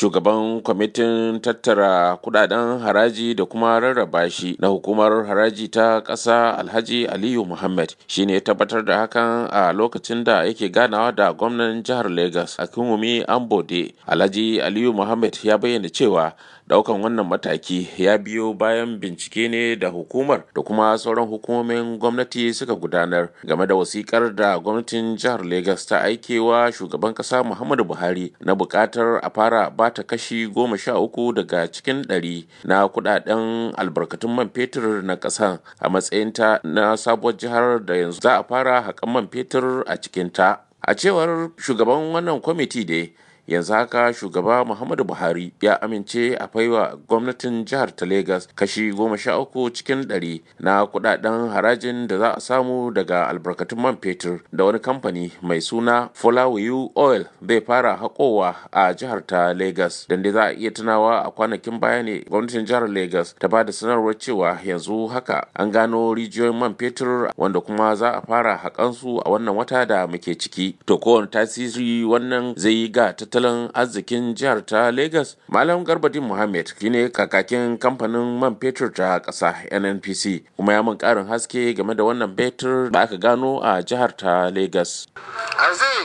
shugaban kwamitin tattara kudaden haraji da kuma rarraba shi na hukumar haraji ta ƙasa alhaji aliyu muhammad shine ya tabbatar da hakan a lokacin da yake ganawa da gwamnan jihar lagos akinwumi ambode alhaji aliyu muhammad ya bayyana cewa daukan wannan mataki ya biyo bayan bincike ne da hukumar da kuma sauran hukumomin gwamnati suka gudanar game da wasikar da gwamnatin jihar Legas ta aikewa shugaban kasa muhammadu buhari na bukatar a fara ba bata kashi goma sha uku daga cikin ɗari na kuɗaɗen albarkatun man fetur na ƙasar a matsayinta na sabuwar jihar da yanzu za a fara haƙan man fetur a cikin ta a cewar shugaban wannan kwamiti dai yanzu haka shugaba muhammadu buhari ya amince a wa gwamnatin jihar ta Legas kashi goma sha uku cikin ɗari na kudaden harajin da za a samu daga albarkatun man fetur da wani kamfani mai suna fulawiyu oil zai fara haƙowa a jihar ta Legas. dan za a iya tunawa a kwanakin baya ne gwamnatin jihar Legas ta ba da sanarwar cewa yanzu haka an gano rijiyoyin man fetur wanda kuma za a fara haƙansu a wannan wata da muke ciki to kowane tasiri wannan zai yi ga ta. tattalin arzikin jihar ta Lagos, Malam Garbadin Muhammad shine kakakin kamfanin man fetur ta ƙasa NNPC kuma ya mun ƙarin haske game da wannan fetur da aka gano a jihar ta Lagos. Zai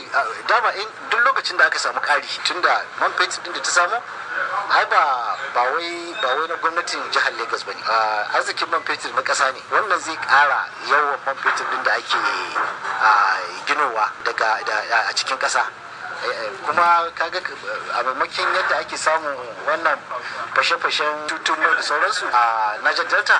dama duk lokacin da aka samu ƙari tunda man fetur din da ta samu ai ba wai ba wai na gwamnatin jihar Lagos bane arzikin man fetur na kasa ne wannan zai ƙara yawan man fetur din da ake ginowa daga a cikin ƙasa Eh, eh, kuma kaga eh, a maimakon yadda ake samun wannan fashe-fashen tutun da sauransu a Niger Delta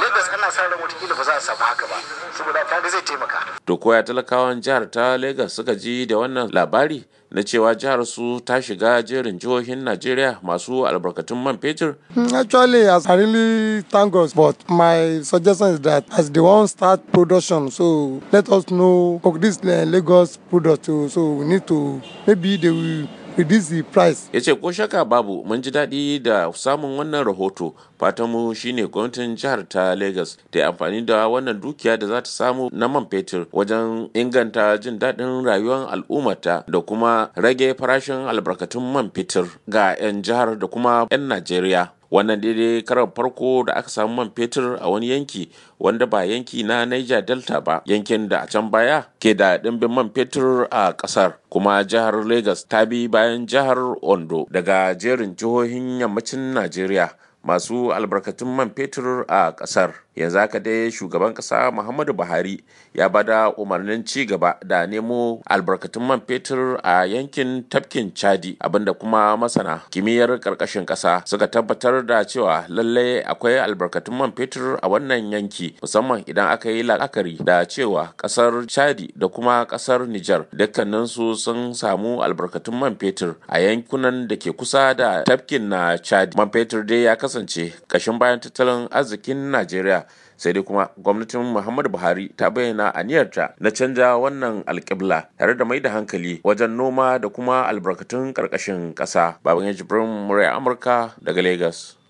Lagos ana sa ran watakila ba za a samu haka ba saboda kaga zai taimaka. To koya talakawan jihar ta Lagos suka ji da wannan labari na cewa jihar su ta shiga jerin jihohin Najeriya masu albarkatun man fetur? Hmm, actually, as I really thank God, but my suggestion is that as the one start production, so let us know of this eh, Lagos product, so we need to maybe they will reduce the price. Ya ce ko shaka babu mun ji daɗi da samun wannan rahoto fatanmu shine gwamnatin jihar ta Lagos ta yi amfani da wannan dukiya da za ta samu na man fetur wajen inganta jin daɗin rayuwar al'ummata da kuma rage farashin albarkatun man fetur ga 'yan jihar da kuma 'yan Najeriya. wannan daidai karar farko da aka samu man fetur a wani yanki wanda ba yanki na niger delta ba yankin da a can baya ke da ɗimbin man fetur a ƙasar kuma jihar lagos ta bi bayan jihar ondo daga jerin jihohin yammacin najeriya masu albarkatun man fetur a ƙasar yanzu haka dai shugaban kasa muhammadu buhari ya bada umarnin ci gaba da nemo albarkatun man fetur a yankin tafkin chadi abinda kuma masana kimiyyar karkashin kasa suka tabbatar da cewa lallai akwai albarkatun man fetur a wannan yanki musamman idan aka yi la'akari da cewa kasar chadi da kuma kasar dukkanin su sun samu albarkatun man fetur a yankunan da ke kusa da tafkin na chadi man fetur dai ya kasance kashin bayan tattalin arzikin najeriya sai dai kuma gwamnatin muhammadu buhari ta bayyana a aniyarta na canja wannan alƙibla tare da mai da hankali wajen noma da kuma albarkatun ƙarƙashin ƙasa baban ya jibrin murai amurka daga lagos